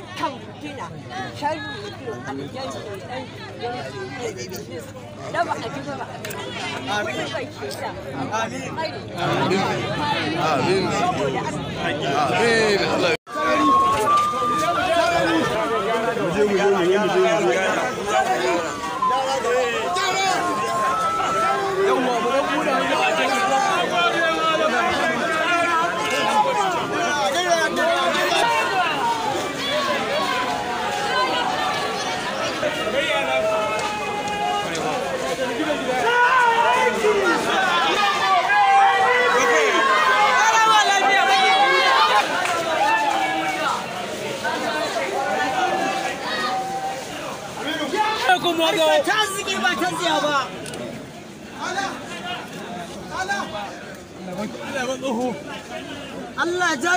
dukkan fitina sharri mutum amin amin amin Mago. Ta ba ta ba. Allah ja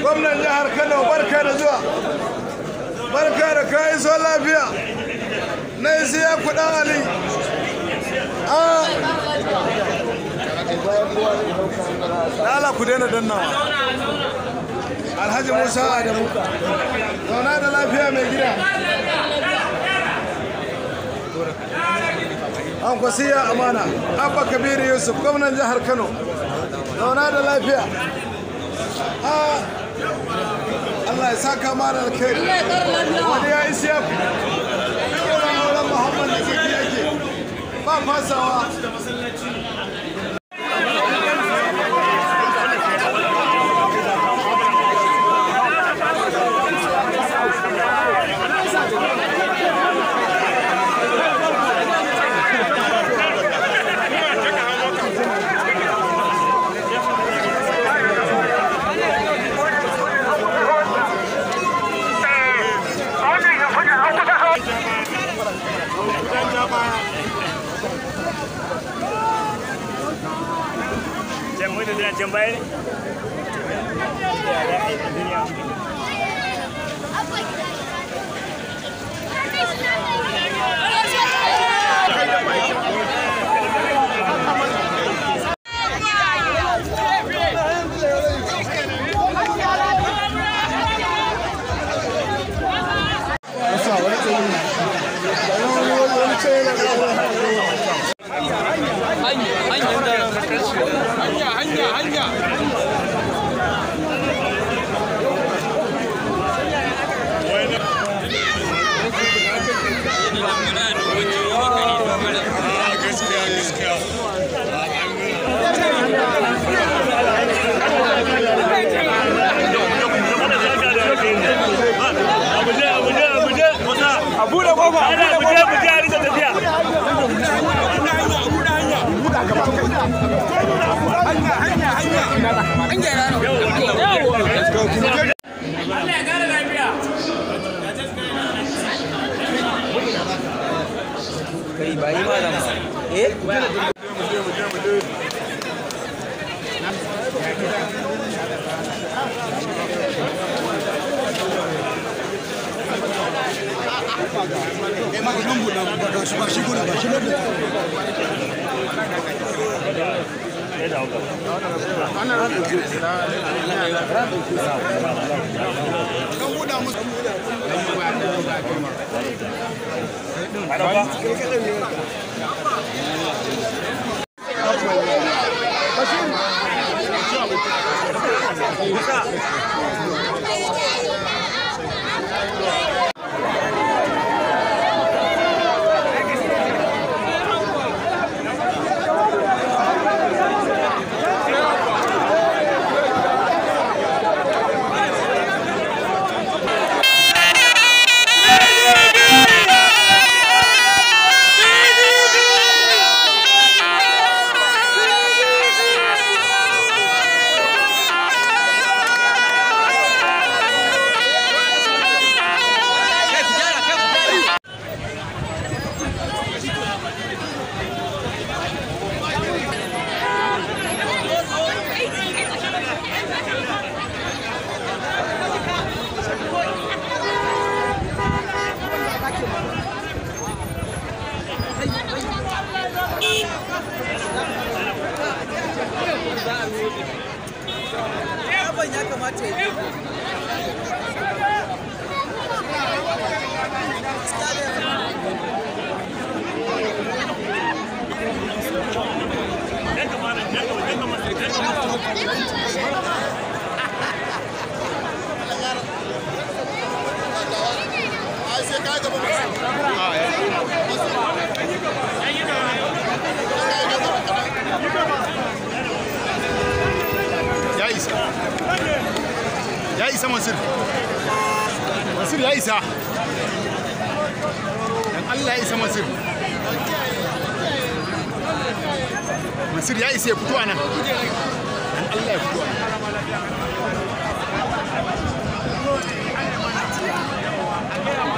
gwamnan jihar kano barka da zuwa barka da kayi zo lafiya na isi ya kudan ali lala ku daina dannawa alhaji musa adamu zauna da lafiya mai gida an ya amana abba kabiru yusuf gwamnan jihar kano zauna da lafiya ah, Allah ya saka mana alkhairi wani ya isi ya fi auren Muhammad da zai vamos fasa Jambaire koma ana a Ana Thank you. Ya isa. Ya isa Mansur. Mansur Dan Allah ya Mansur. Mansur ya ya fito a nan. Dan Allah ya fito a nan.